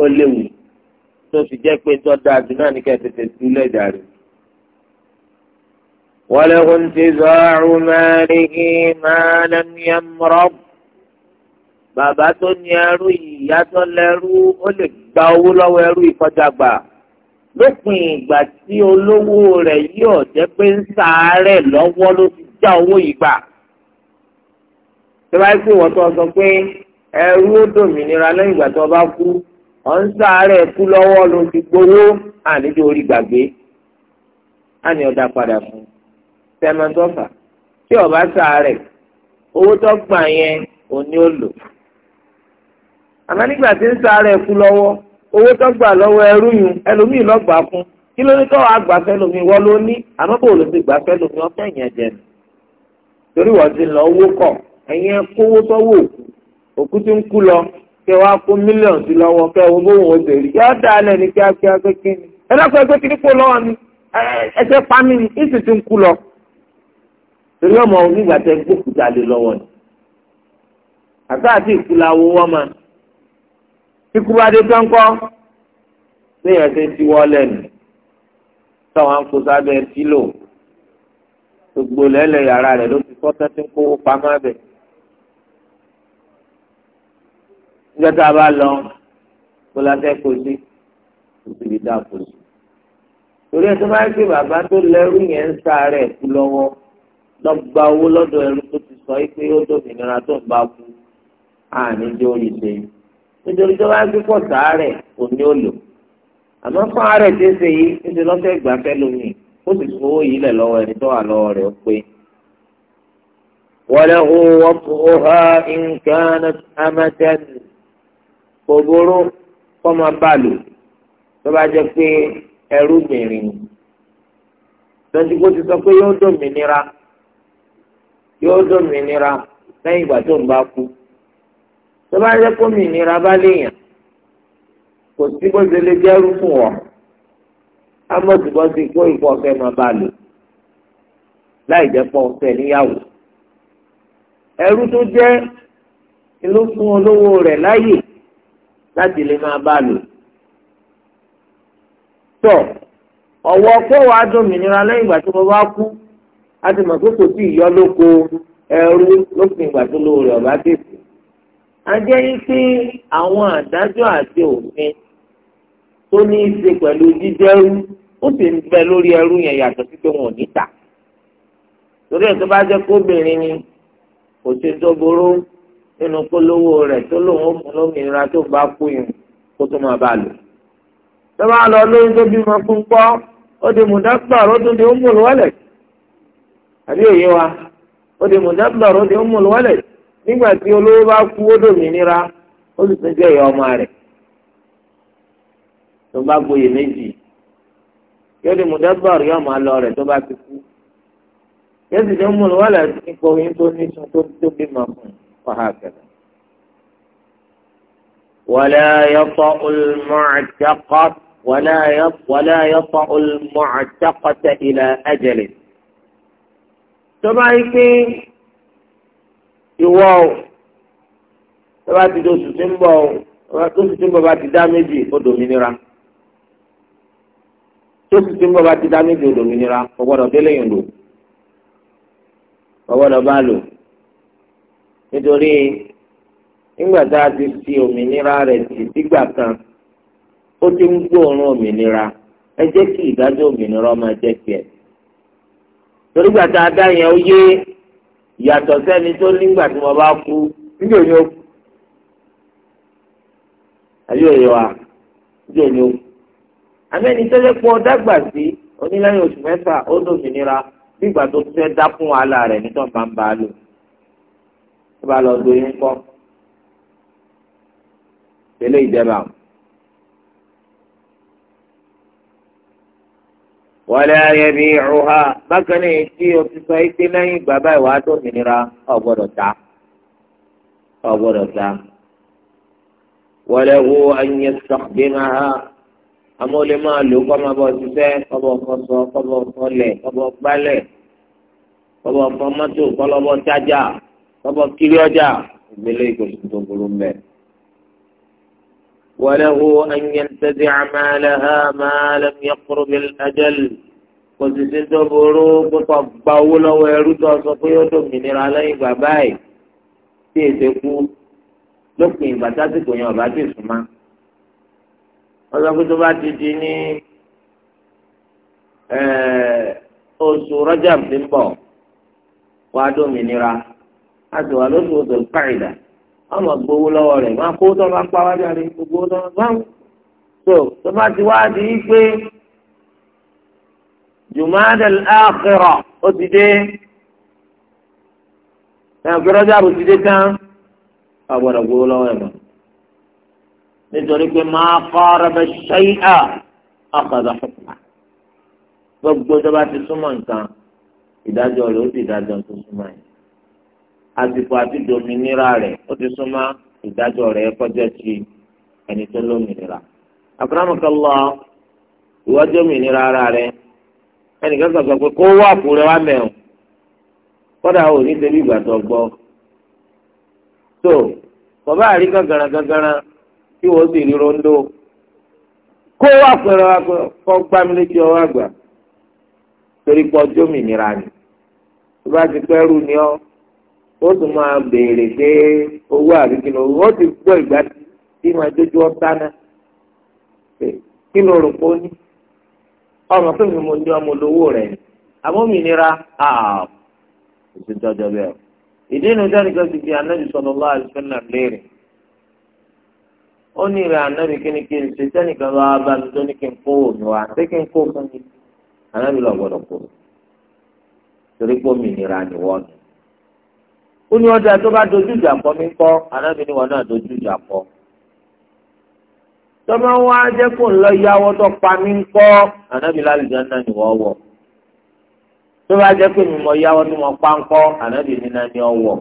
S1: ó léwu tó fi jẹ́ pé tó dáa jù náà ní ká tètè tú lẹ́dàrí. wọ́n lè kún ti zọ́ọ̀rù mẹ́rin kí máa lẹ́nu yẹn mọ́rọ́bù bàbá tó ní ẹrú ìyá tó lẹ́rú ó lè gba owó lọ́wọ́ ẹrú ìkọjá gbà lópin ìgbà tí olówó rẹ̀ yóò jẹ́ pé ń sàárẹ̀ lọ́wọ́ ló ti já owó yìí gbà. tẹ́wáá pé wọ́n tó sọ pé ẹrú ó dòmìnira lẹ́yìn ìgbà tó bá kú ọ̀ ń sàárẹ̀ kú lọ́wọ́ ló ti gbowó àníjó orí gbàgbé àní ọ̀dà padà fún tẹ́mọ̀tọ́fà tí ọba sàárẹ̀ owó tó gbà yẹn òní ó lò àmọ́ nígbà tí ń sára ẹ̀kú lọ́wọ́ owó tó gbà lọ́wọ́ ẹrú yun ẹlòmíì lọ́gbà fún kí ló ní kọ́ wàá gbà fẹ́ lómi wọ́n ló ní àmọ́ bò ló ti gbà fẹ́ lómi ọ̀fẹ́ yẹn jẹ nù torí wọ́n ti lọ owó kọ̀ ẹ̀yin kówó tọ́wọ́ òkú òkú ti ń kú lọ kẹ wàá kó mílíọ̀nù sí lọ́wọ́ kẹ wo bóun ó bèrè yọ dá alẹ́ ní kíákíá pé kí ni ẹ lọ́kọ̀ ẹgbẹ́ kiri kó lọ́wọ́ mi ẹsẹ̀ pa mí ni ìsì ti ń kú lọ kíkúrú adé tó ń kọ́ léèyàn ṣe ti wọ́ lẹ́nu táwọn ń kó sábẹ́ kílò gbogbo lẹ́lẹ̀ yàrá rẹ̀ ló ti kọ́ tẹ́tí ń kówó pamọ́ bẹ̀. níjọ́ tá a bá lọ kó la fẹ́ kó sí kó sì lè dá kó sí. torí ẹ̀ tó bá gbé bàbá tó lẹ́rú yẹn ń sa rẹ̀ kú lọ́wọ́ lọ́gba owó lọ́dọ̀ ẹrú tó ti sọ pé ó dòmìnira tó ń bá kú àní jórí ṣe yìí nítorí tó bá gbé pọ̀ sàárẹ̀ kò ní ó lò àmọ́ fún àárẹ̀ tí ń ṣe yìí níṣẹ́ lọ́sẹ̀ ìgbà fẹ́ lómi ó sì fún owó yìí lẹ̀ lọ́wọ́ ẹni tó wà lọ́wọ́ rẹ̀ ó pé. wọlé owó ọha nǹkan amẹ́tẹ́nu kò burú kọ́ máa bá lò tó bá jẹ́ pé ẹrú bìnrin ni. kó ti sọ pé yóò dòmìnira yóò dòmìnira lẹ́yìn ìgbà tó ń bá kú tó bá yẹ kó mi ìnira bá léèyàn kò sí bó ṣe lè dẹrú fún ọ amọ̀tìbọ́sí kó ìfọ̀ fẹ́ máa bá lò láì jẹ́ pọ̀ fẹ́ níyàwó ẹrú tó jẹ́ ló fún olówó rẹ̀ láyè láti lè máa bá lò tọ ọwọ́ kó wàá dòmìnira lẹ́yìn ìgbà tí mo bá kú a ti mọ̀ pé kò sí ìyọ́ lóko ẹrú lópin ìgbà tó lówó rẹ̀ ọ̀bá tètè a jẹ́ wípé àwọn àdájọ́ àti òfin tó ní í ṣe pẹ̀lú jíjẹ́rú ó sì ń bẹ lórí ẹrú yẹn yàtọ̀ sí pé wọn ò ní tà torí ẹ̀ tó bá jẹ́ kóbìnrin ni kò ṣe tó burú nínú polówó rẹ̀ tó lòun ó fún lómìnira tó bá kú yìí kó tó máa bá lò tó bá lọ lóyún tó bímọ fún pọ́ ó di mùdágbàrú ó tún di ó mú lọ́wọ́lẹ̀ àbí òye wa ó di mùdágbàrú ó di ó mú lọ́wọ́lẹ̀ nígbà tí olówó bá kú ó dòmìnira ó sì tún jẹ́ ìyá ọmọ rẹ̀ tó bá gboyè méjì yóò di mùdábàrú yóò máa lọ rẹ̀ tó bá ti kú yóò sì jẹ́ múlò wàhálà nípa oyin tó ní sun tó tó bímọ fún wàhálà. ولا يطأ المعتقة ولا يط ولا يطأ المعتقة إلى أجله. tó bá yí pé ìwọ o tọ́ba ti di oṣù tí ń bọ̀ o oṣù tí ń bọ̀ bá ti dá méjì odòmìnira oṣù tí ń bọ̀ bá ti dá méjì odòmìnira o gbọ́dọ̀ délé yìí lò o gbọ́dọ̀ bá lò nítorí nígbà tá a ti fi òmìnira rẹ̀ sí sígbà kan ó ti ń gbóòórùn òmìnira ẹ jẹ́ kí ìdájọ́ òmìnira ọmọ ẹ jẹ́ tiẹ̀ torí gbàtà adá yẹn ó yé yàtọ̀ sẹ́ni tó nígbà tí mo bá kú níbi òní o àbí òye wa níbi òní o àmẹ́ni tẹ́lẹ̀ pọ̀ dágbà sí onílẹ́yìn oṣù mẹ́fà ó dòmìnira nígbà tó fẹ́ dá fún wàhálà rẹ̀ nítorí bá ń bá a lò tó bá lọ doyún kọ́ tẹ́lẹ̀ ìjẹba àwọn. wọlé ayẹbi ìrùhà bákan náà tí o ti sọ ike lẹ́yìn ìgbà báyìí tó mìnira ọgbọ́dọ̀ ta ọgbọ́dọ̀ ta wọlé wo ayé sọgbìnà ha àmọ́ máa lò kọ́ máa ṣiṣẹ́ kọ́bọ̀ fọṣọ kọ́bọ̀ fọlẹ̀ kọ́bọ̀ gbálẹ̀ kọ́bọ̀ fọmọ́tò kọ́lọ́bọ̀ tájà kọ́bọ̀ kiri ọjà ìgbélé ìgbésùn tó burú mẹ́rin. وله أن ينتزع مالها ما لم يقرب الأجل kòsìsì tó burú kótó gba owó lọ́wọ́ ẹrú tó sọ pé ó dòmìnira lẹ́yìn bàbá ẹ̀ tí èsè kú lópin ìgbà tásìkò yẹn ọ̀bá ti sùn má. wọ́n sọ pé tó bá ti di ní oṣù rọ́jà tí ń bọ̀ wá dòmìnira a sì wà lóṣù tó káìdà ọmọ gbowó lọ́wọ́ rẹ̀ máa kó tó máa ń pa wájà rẹ̀ gbogbo tó máa ń so tó bá ti wá di pé jùmọ́dé àkìrọ̀ ó ti dé àgbẹ̀rọ̀jà rò ti dé tán àgbọ̀dọ̀ gbowó lọ́wọ́ ẹ̀ mọ́ nítorí pé máa kọ́ ọ́rọ́ bẹ́ ṣẹ́yí à ọ̀kadà fúnpa gbogbo tó bá ti súnmọ́ nǹkan ìdájọ́ rẹ̀ ó ti dájọ́ tó súnmọ́ yìí àsìkò àti dòmìnira rẹ̀ ó ti súnmọ́ ìdájọ́ rẹ̀ kọjá sí ẹni tó lómìnira. àbúrámọ̀kọ́lọ́ ìwọ́jú òmìnira ara rẹ̀ ẹnìkan sọ̀sọ̀ pé kó wá àpò rẹ̀ wá mẹ́rin kódà ò ní débi ìgbà tó gbọ́. tó bàbá àrí gàngàrà gàngàrà tí wọ́n sì rí rondo kó wá àpò rẹ̀ wá kọ́ gbámilẹ́tì ọwọ́ àgbà torí pé ọjọ́ òmìnira ni tó bá ti pẹ́ rú ni ọ́ ó tún máa béèrè pé owó àríkìlọ ó ti gbọ́ ìgbà tí máa dójú ọ́tá náà kí ló rò pé ó ní ọmọ fún mi mo ní ọmọ olówó rẹ̀ àmọ́ mi nira ètò bẹ́ẹ̀ ìdí inú jáde kan ti di anábì sọlọ lọ́wọ́ àlùfẹ́lá léèrè ó ní ìrẹ̀ anábì ni kí n ṣe sẹ́nìkan lọ́wọ́ bá mi tó ní kí n kó omi wá ṣé kí n kó fún mi anábì lọ gbọ́dọ̀ kó torí pé omi nira ni wọ́n nù ó ní ọjà tó bá dojú ìjà pọ̀ mí kọ́ anábì ni wọn náà dojú ìjà pọ̀ tọ́mọ wá jẹ́ kó ń lọ yáwó tó pa mí kọ́ anábì lálùjá náà ni wọ́n wọ̀ tó bá jẹ́ pé mi mọ yáwó ni wọ́n pa ń kọ́ anábì ni náà ni wọ́n wọ̀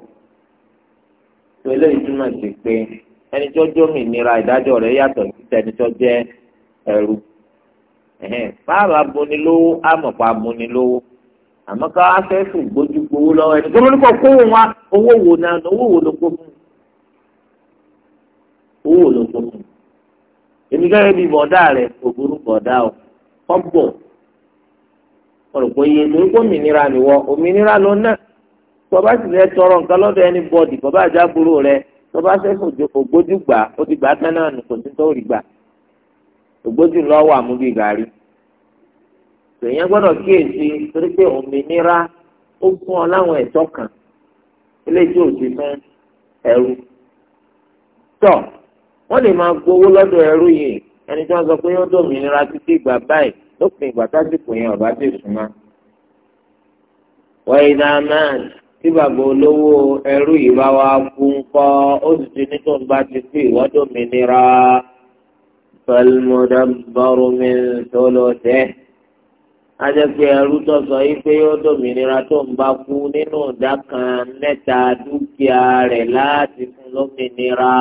S1: tó eléyìí túmọ̀ sí pé ẹni tó jómi nira ìdájọ́ rẹ̀ yàtọ̀ sí ẹni tó jẹ́ ẹrú báwa bunilówó àmọ̀pá bunilówó àmọ́ ká fẹ́ fún gbójú lọ́wọ́ ẹ̀ tó lóníkọ̀ kó wọn owó wo náà owó wo ló kó fún owó wo ló kó fún èmi gẹ́gẹ́ bí bọ̀dá rẹ̀ kò burú bọ̀dá o kọ́ bọ̀ ọ̀rọ̀pọ̀ iye tó ń kó òmìnira nìwọ òmìnira ló ná bọ́bá sì lẹ́ tọrọ nǹkan lọ́dọ̀ ẹni bọ́ọ̀dì bọ́bá àjábúrò rẹ bọ́bá sẹ́sùn ògbójú gbà ó ti gbà tán náà nù kò tó rí gbà ògbójú lọ́wọ́ àmúbí gàrí tòyẹn gbọ́dọ̀ kíyèsí torí pé òmìnira ó fún ọ láwọn ẹ̀tọ́ kan eléyìí ò ti fún ẹrú tọ wọ́n lè máa gbowó lọ́dọ̀ ẹrú yìí ẹni tí wọ́n sọ pé ó dòmìnira títí ìgbà báyìí lópin ìgbà tásìkò yẹn ọba ti sùn mọ́. wọ́n iná náà tí bàbá olówó ẹrú yìí bá wá kú kọ́ ó sì ti ní tó ń bá ti kú ìwọ́n dòmìnira. fal mudabbaru min thuluthi ajẹ́pẹ́ ẹrú tó sọ yìí pé ó dòmìnira tó ń bá kú nínú ìdá kan mẹ́ta dúkìá rẹ̀ láti fún lómìnira.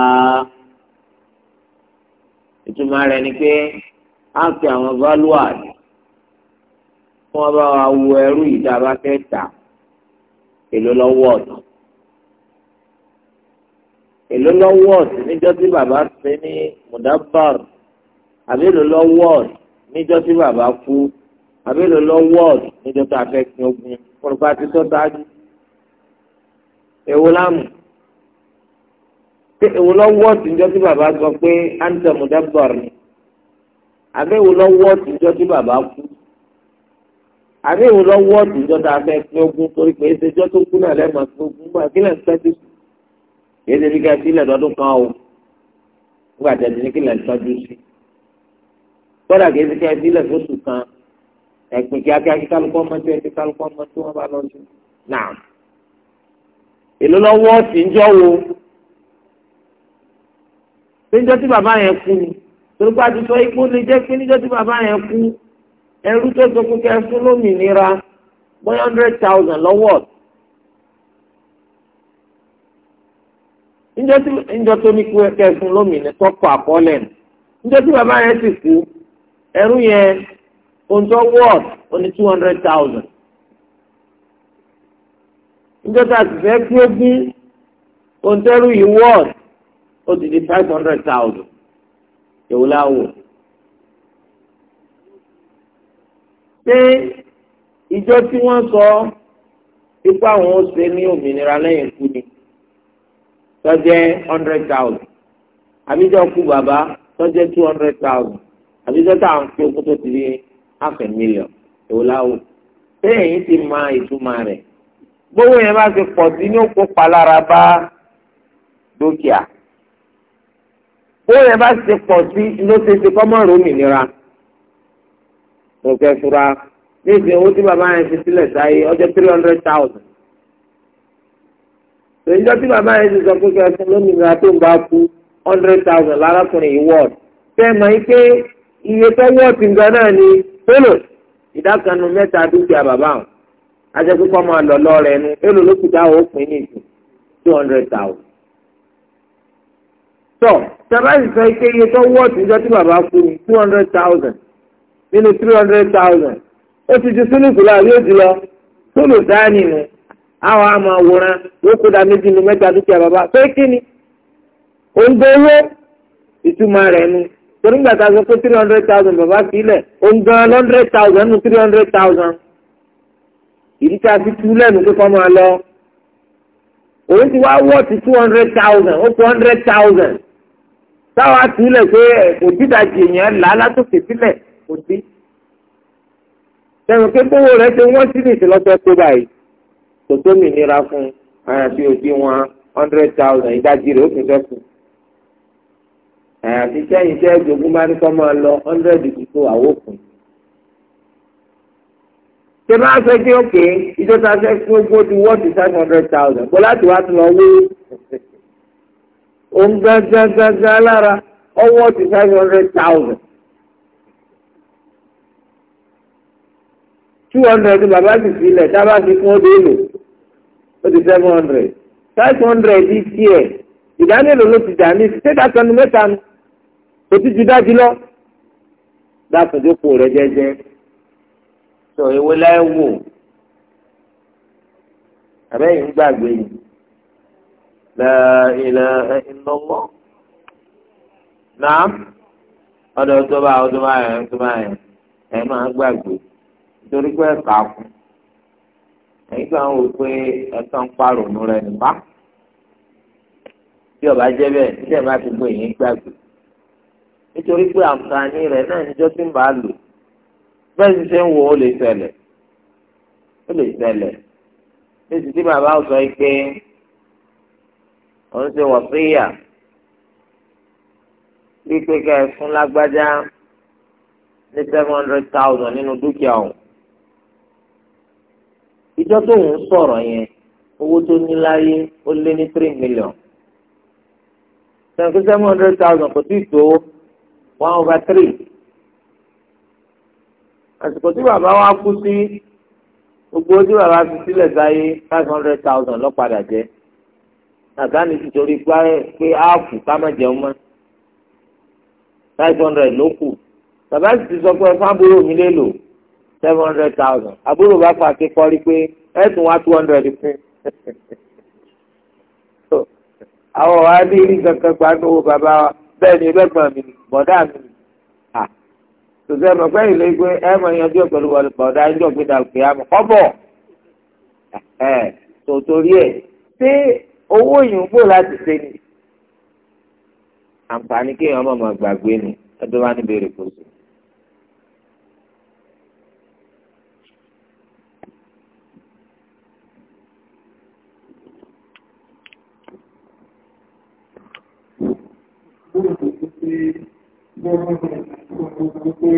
S1: ìtumọ̀ rẹ̀ ni pé á fi àwọn valuas kí wọ́n bá wa wo ẹrú ìta bá fẹ́ tà èló lọ́wọ́ ọ̀dọ̀. èló lọ́wọ́ ọ̀dọ̀ níjọ́ tí bàbá ṣe ní mudabar àbí èló lọ́wọ́ ọ̀dọ̀ níjọ́ tí bàbá kú àbẹ̀lò lọ wọ́ọ̀d níjọ́ tó afẹ́ kí ogun kọ̀ọ̀pá ti sọ sáájú. èwo láàmù pé èwo lọ wọ́ọ̀d níjọ́ tí bàbá sọ pé antamudabar ni àbẹ̀wò lọ wọ́ọ̀d níjọ́ tí bàbá kú àbẹ̀wò lọ wọ́ọ̀d níjọ́ tó afẹ́ kí ogun torí pé ìṣèjọ́ tó kú náà lẹ́ẹ̀mọ́ sí ogun gbà kí lẹ́ẹ̀ fẹ́ ti sùn kí ẹ̀ ṣe fi gbàtẹ́ ti ní kí lẹ́ẹ̀ tọ́jú sí kódà kí ẹ ti fóṣù kan ẹ̀pìn kíákíá kí kálukọ́ mọ́ tí ẹ ti kálukọ́ mọ́ tí wọ́n bá lọ sí. Náà èló lọ́wọ́ sí ń jọ́ wo níjọ́ tí bàbá yẹn kú ni torí pé àti sọ ikú lè jẹ́ pé níjọ́ tí bàbá yẹn kú ẹrú tó sọ pé fún lómìnira one hundred thousand lọ́wọ́ níjọ́ tó ní kú kẹ́ fún lómìnira tọ́pọ̀ àkọọ́lẹ̀ níjọ́ tí bàbá yẹn sì kú ẹrú yẹn ohun tó wọ́ọ̀d two hundred thousand. níjọ́ tá a sì fẹ́ kí ó bí ohun tó rú yìí wọ́ọ̀d ó ti di five hundred thousand. èwo láwò. ṣé ìjọ tí wọ́n sọ ipá àwọn ó ṣe ní òmìnira lẹ́yìn ikú ni tọ́jẹ́ hundred thousand àbíjọ́ kú bàbá tọ́jẹ́ two hundred thousand àbíjọ́ tá à ń fi okú tó ti rí half a million èwo láwò téèyàn ti mọ ìtumọ̀ rẹ̀ gbówó yẹn bá ti pọ̀ sí ní òkú palára bá dúkìá gbówó yẹn bá ti pọ̀ sí ló ṣe ṣe kọ́mọ̀rún òmìnira mo fẹ́ fura ní ìsìn owó tí bàbá yẹn fi sílẹ̀ sáyé ọjọ́ three hundred thousand ìjọ tí bàbá yẹn ti sọ pé kí ọsẹ lómìnira tó ń bá kú hundred thousand lárákùnrin yìí wọ́ọ̀d. ṣé ẹ mọ̀ yín pé iye tó wọ́ọ̀dì gan náà ni pélò ìdákanu mẹta dúkìá bàbá àwọn ajẹ́pẹ́ kọ́ máa lọ lọ́ọ̀rẹ́ nu pélò ló kù dáwọ́ ní ìsìn two hundred thousand. iye tó wọ́ọ̀tì níjọ́ tí bàbá kú ní two hundred thousand nínú three hundred thousand ó ti ju sínúkù ó ti lọ dání nu àwọn torí nígbà tá a sọ pé three hundred thousand bàbá sílẹ̀ òun gan hundred thousand nù three hundred thousand ìdí tá a fi tú lẹ́nu pé kọ́ máa lọ òun ti wá wọ́ọ̀tì two hundred thousand ó two hundred thousand táwa sílẹ̀ pé kò dídàjì èèyàn là á látòkè sílẹ̀ kò sí. sẹ́yìn pé kówó rẹ̀ ṣe wọ́n sí ní ìṣẹ̀lọ́sẹ̀ tó báyìí kò tó mìíràn fún àyàfi òdi wọn hundred thousand ìdajì rẹ̀ ó fi fẹ́ fún un àti sẹ́yìn tẹ́ jogún bá ní kọ́ máa lọ hundred kíkó àwòkùn. ṣé bá a sọ pé òkè ìjọba fẹ́ fún ogún ti wọ́ọ̀tì seven hundred thousand kó láti wá tún lọ wó òun gángangangan lára ọwọ́ ti seven hundred thousand. two hundred bàbá sì sílẹ̀ tábà sí fún ọdún èlò ó ti seven hundred five hundred ti tiẹ̀ ìdánilò ló ti dà ní ṣé dákan ní mẹ́ta nù òtí ju dájú lọ dákun jókòó rẹ jẹ́jẹ́ sọ ewé láyé wò àbẹ́yìn ń gbàgbé yìí la ilaha illallah náà ọ̀dọ̀ tó bá ọdún máa yẹn tó máa yẹn ẹ máa gbàgbé nítorí pé ẹ̀ka kún ẹ̀yin kan wò pé ẹ̀ka ń parònú rẹ nípa tí ọba jẹ́ bẹ́ẹ̀ tí bá ti gbé yẹn gbàgbé nítorí pé àǹfààní rẹ̀ náà níjọ́ tí ń bá a lò bẹ́ẹ̀ sì ṣe ń wo ó lè ṣẹlẹ̀ ó lè ṣẹlẹ̀ nítorí tí bàbá sọ pé òun ṣe wọ̀ péyà wípé ká ẹ fún lágbájá ní seven hundred thousand nínú dúkìá òun ìjọ tó ń sọ̀rọ̀ yẹn owó tó ní láyé ó lé ní three million seven hundred thousand kò tí ì tó one over three àsìkò tí bàbá wa kú sí gbogbo tí bàbá fi sílẹ̀ sáyé five hundred thousand lọ́padà jẹ́ nàgánì ti torí pé áàfù ká má jẹun mọ́ five hundred ló kù bàbá sì ti sọ pé fábúrò mi lè lò seven hundred thousand àbúrò bá fà ké kọ́rí pé ẹ̀sùn wá two hundred fún àwọn wàá ní ìrìn kankan gbádùn owó bàbá wa bẹ́ẹ̀ ni ẹlẹ́gbọ̀n mi ni. bọ̀dá mi à tòṣe mọ̀pẹ́ ìlú pé ẹ mọ̀ yanjú pẹ̀lú bọ̀dá ń jọ gbéra òkè àmọ́ kọ́bọ̀ ṣé owó ìyìnbó láti ṣe ni àǹfààní kéèyàn ọmọ ọmọ gbàgbé gbogbo gbogbo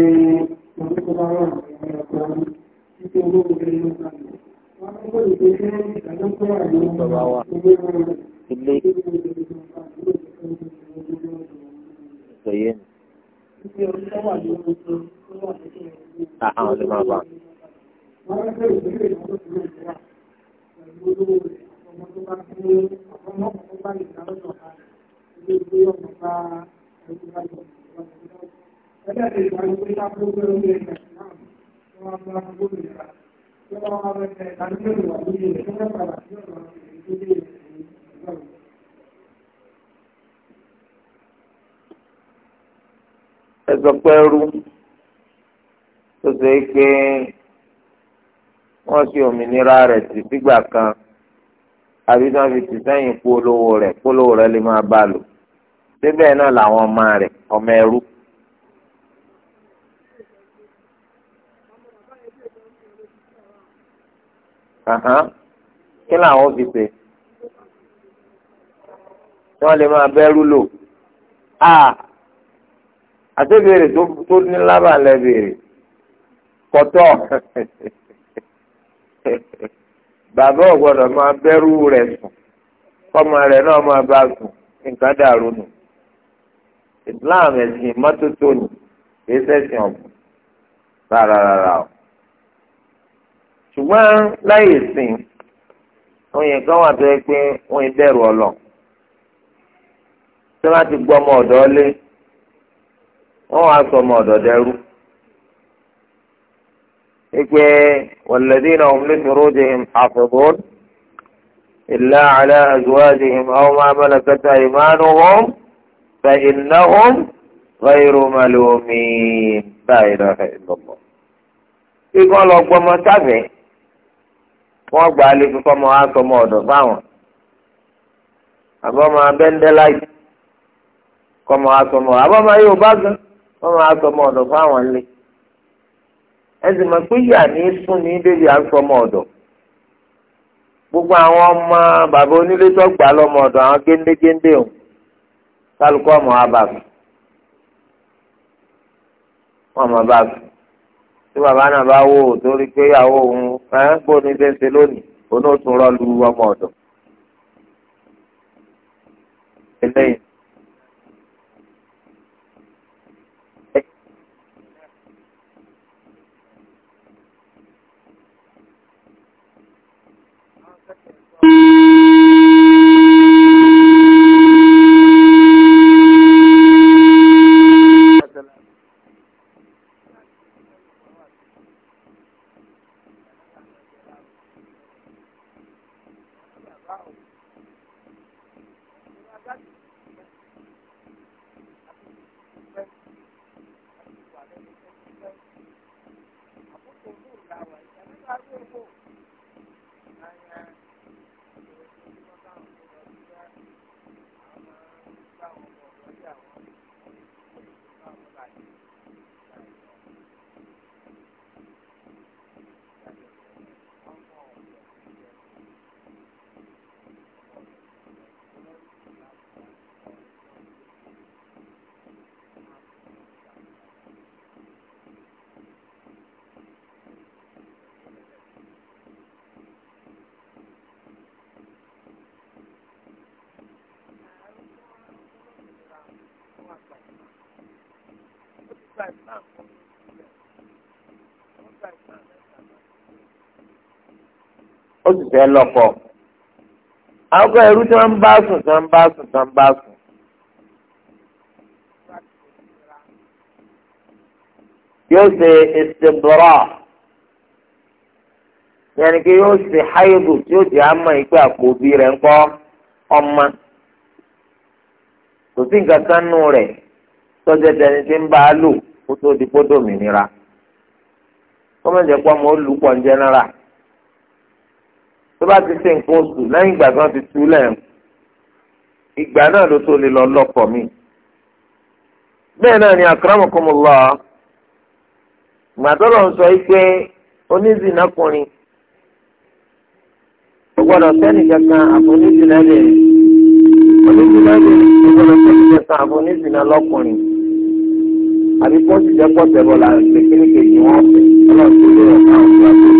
S1: ẹlẹ́dẹ̀ ìgbàlú pé lápò pé ó lè rẹ̀ láàmù tó wá bá gbogbo ìyára pẹ́rú tó ṣe é pé wọ́n ṣe òmìnira rẹ̀ sí sígbà kan àbí tí wọ́n fi tì sẹ́yìn polówó rẹ̀ polówó rẹ̀ lè máa bá lò bẹ́ẹ̀ náà làwọn ọmọ rẹ̀ ọmọ ẹrú. kí làwọn fi pè tí wọ́n lè máa bẹ́rú lò àtẹ́bẹ̀rẹ̀ tó ní lábàlẹ̀ bèrè kọ́tọ́ bàbá ò gbọ́dọ̀ máa bẹ́rú rẹ̀ sùn kọ́mọ rẹ̀ náà máa bá sùn nǹkan dàrú nù islam ẹ̀sìn mọ́tótó ni kì í ṣẹ̀sìn ọ̀gbìn rárá rárá o ṣùgbọ́n láyè sìn oyin kan wà tó yẹ pé wọ́n dẹ̀rù ọlọ tí wọ́n ti gbọ́ ọmọ ọ̀dọ́ lé wọ́n wá sọ ọmọ ọ̀dọ́ dẹrú wípé walladhina hum li furujihim hafidhun illa ala azwajihim aw ma malakat aymanuhum. فإنهم غير ملومين لا إله إلا الله ikú ọlọgbọ ọmọ sáfẹ wọn gbà á lé kíkọ ọmọ wa sọmọ ọdọ fáwọn àbọmọ abẹndẹláìtì kọmọ wa sọmọ àbọmọ yóò bá gan wọn máa sọmọ ọdọ fáwọn lé ẹsìn mọ pé yà ní sùn ní débi à ọdọ gbogbo àwọn ọmọ bàbá onílé tó gbà lọmọ ọdọ àwọn géńdégéńdé òun kálukú ọmọ abàbí ọmọ abàbí tí bàbá náà bá wò ó torí pé ìyàwó òun ẹ̀ ń gbó ní bẹ́ńsẹ̀ lónìí òun ó tún rọ́ lu ọmọ ọ̀dọ̀ Thank you. ó sì fẹ́ lọ́kọ. àwọn kan ẹrú tí wọ́n ń bá sùn tí wọ́n ń bá sùn tí wọ́n ń bá sùn. yóò ṣe ìsìnbọ̀rọ̀ yẹn ni kí yóò ṣe háyébù tí yóò jẹ́ àmọ́ ìgbà àpòbí rẹ̀ ńkọ́ ọmọ kò sí nǹkan kan nù rẹ̀ tọ́jà tẹni tí ń bá a lò kó tó di kó dòmìnira kọ́mọ̀jẹ̀ pọ́ mọ́ ó lù pọ̀ ń jẹ́nẹ́ra tó bá ti ṣe nǹkan oṣù lẹ́yìn ìgbà tí wọ́n ti tú lẹ́yìn ìgbà náà ló tó lè lọ lọ́kọ̀ mi. bẹ́ẹ̀ náà ni akramakumullah gbàtọ́lọ̀ ń sọ yìí pé onízìnnákùnrin ó gbọ́dọ̀ sẹ́ni kankan àfoníṣìnà lè oníṣìnà lè ó gbọ́dọ̀ sẹ́ni kankan àfoníṣìnà lọ́kùnrin àbí pọ́ńtì jẹ́ pọ̀ tẹ̀bọ̀ là ń pè kíníkèjì wọn ọ̀fẹ́ ọlọ́run tó lè rọ̀ káwọn ìgbà tó.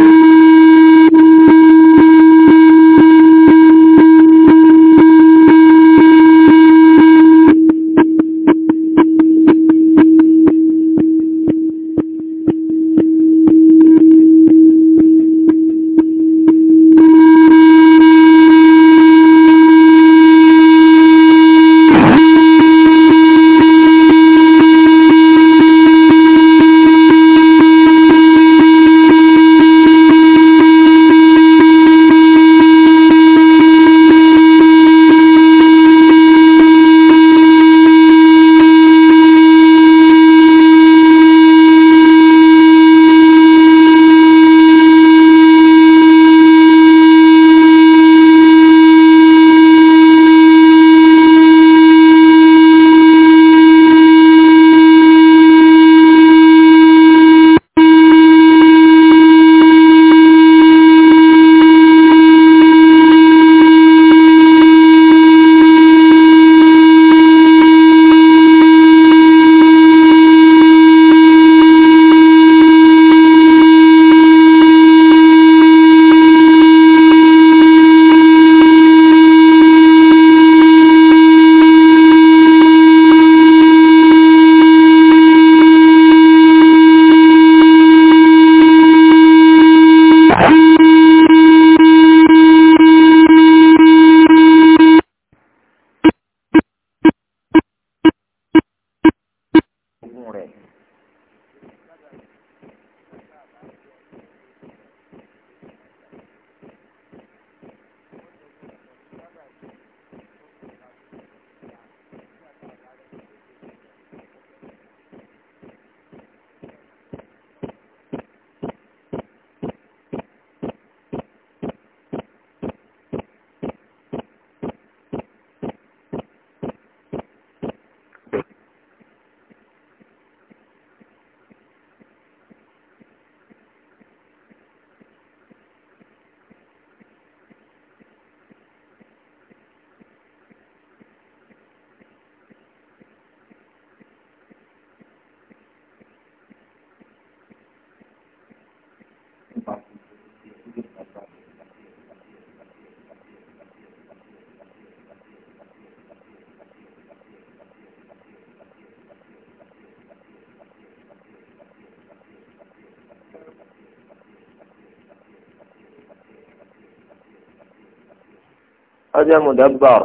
S1: ọjọ́ mùdọ́gbọ̀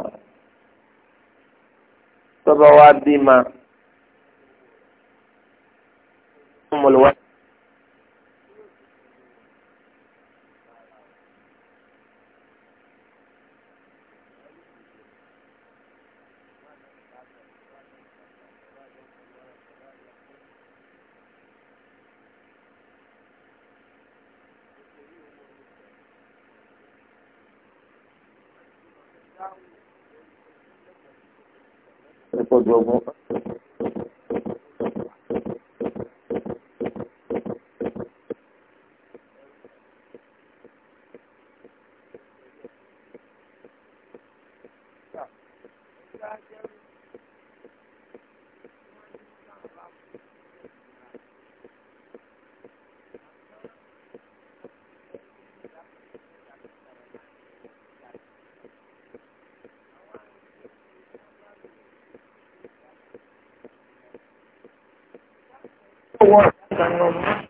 S1: tọ́ba wa bí jogún sanoma.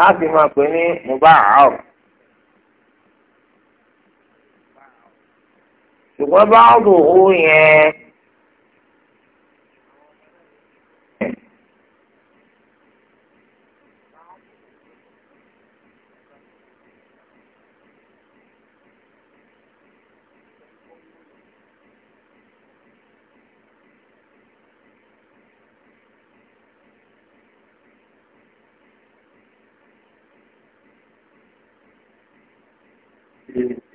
S1: a sì máa pè ní mubarak ṣùgbọ́n báwo ló yẹn. experience.